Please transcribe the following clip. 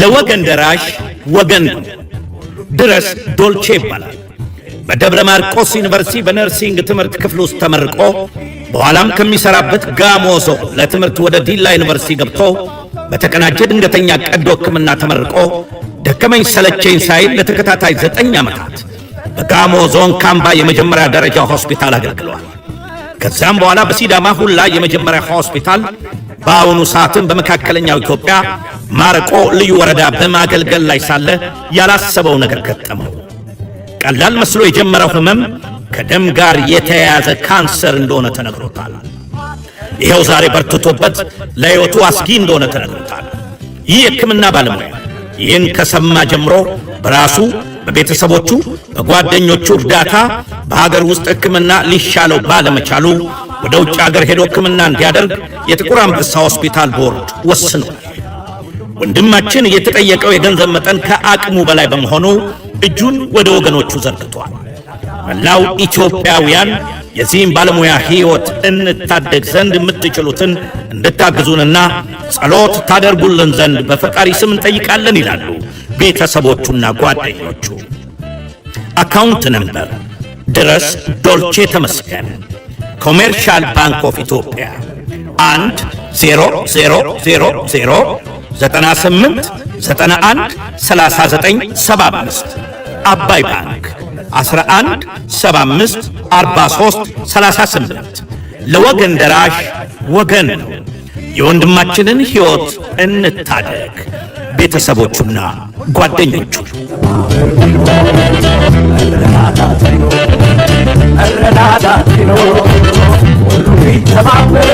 ለወገን ደራሽ ወገን ነው። ድረስ ዶልቼ ይባላል። በደብረ ማርቆስ ዩኒቨርሲቲ በነርሲንግ ትምህርት ክፍል ውስጥ ተመርቆ በኋላም ከሚሰራበት ጋሞ ዞን ለትምህርት ወደ ዲላ ዩኒቨርሲቲ ገብቶ በተቀናጀ ድንገተኛ ቀዶ ሕክምና ተመርቆ ደከመኝ ሰለቸኝ ሳይል ለተከታታይ ዘጠኝ ዓመታት በጋሞ ዞን ካምባ የመጀመሪያ ደረጃ ሆስፒታል አገልግሏል። ከዚያም በኋላ በሲዳማ ሁላ የመጀመሪያ ሆስፒታል፣ በአሁኑ ሰዓትም በመካከለኛው ኢትዮጵያ ማረቆ ልዩ ወረዳ በማገልገል ላይ ሳለ ያላሰበው ነገር ገጠመው። ቀላል መስሎ የጀመረው ህመም ከደም ጋር የተያያዘ ካንሰር እንደሆነ ተነግሮታል። ይኸው ዛሬ በርትቶበት ለሕይወቱ አስጊ እንደሆነ ተነግሮታል። ይህ የሕክምና ባለሙያ ይህን ከሰማ ጀምሮ በራሱ በቤተሰቦቹ በጓደኞቹ እርዳታ በሀገር ውስጥ ሕክምና ሊሻለው ባለመቻሉ ወደ ውጭ ሀገር ሄዶ ሕክምና እንዲያደርግ የጥቁር አንበሳ ሆስፒታል ቦርድ ወስኗል። ወንድማችን የተጠየቀው የገንዘብ መጠን ከአቅሙ በላይ በመሆኑ እጁን ወደ ወገኖቹ ዘርግቷል። መላው ኢትዮጵያውያን የዚህም ባለሙያ ሕይወት እንታደግ ዘንድ የምትችሉትን እንድታግዙንና ጸሎት ታደርጉልን ዘንድ በፈጣሪ ስም እንጠይቃለን ይላሉ ቤተሰቦቹና ጓደኞቹ። አካውንት ነምበር ድረስ ዶልቼ ተመስገን ኮሜርሻል ባንክ ኦፍ ኢትዮጵያ 1 0 0 0 0 98 91 39 75 አባይ ባንክ 11 75 43 38 ለወገን ደራሽ ወገን ነው። የወንድማችንን ሕይወት እንታደግ። ቤተሰቦቹና ጓደኞቹ ተባበር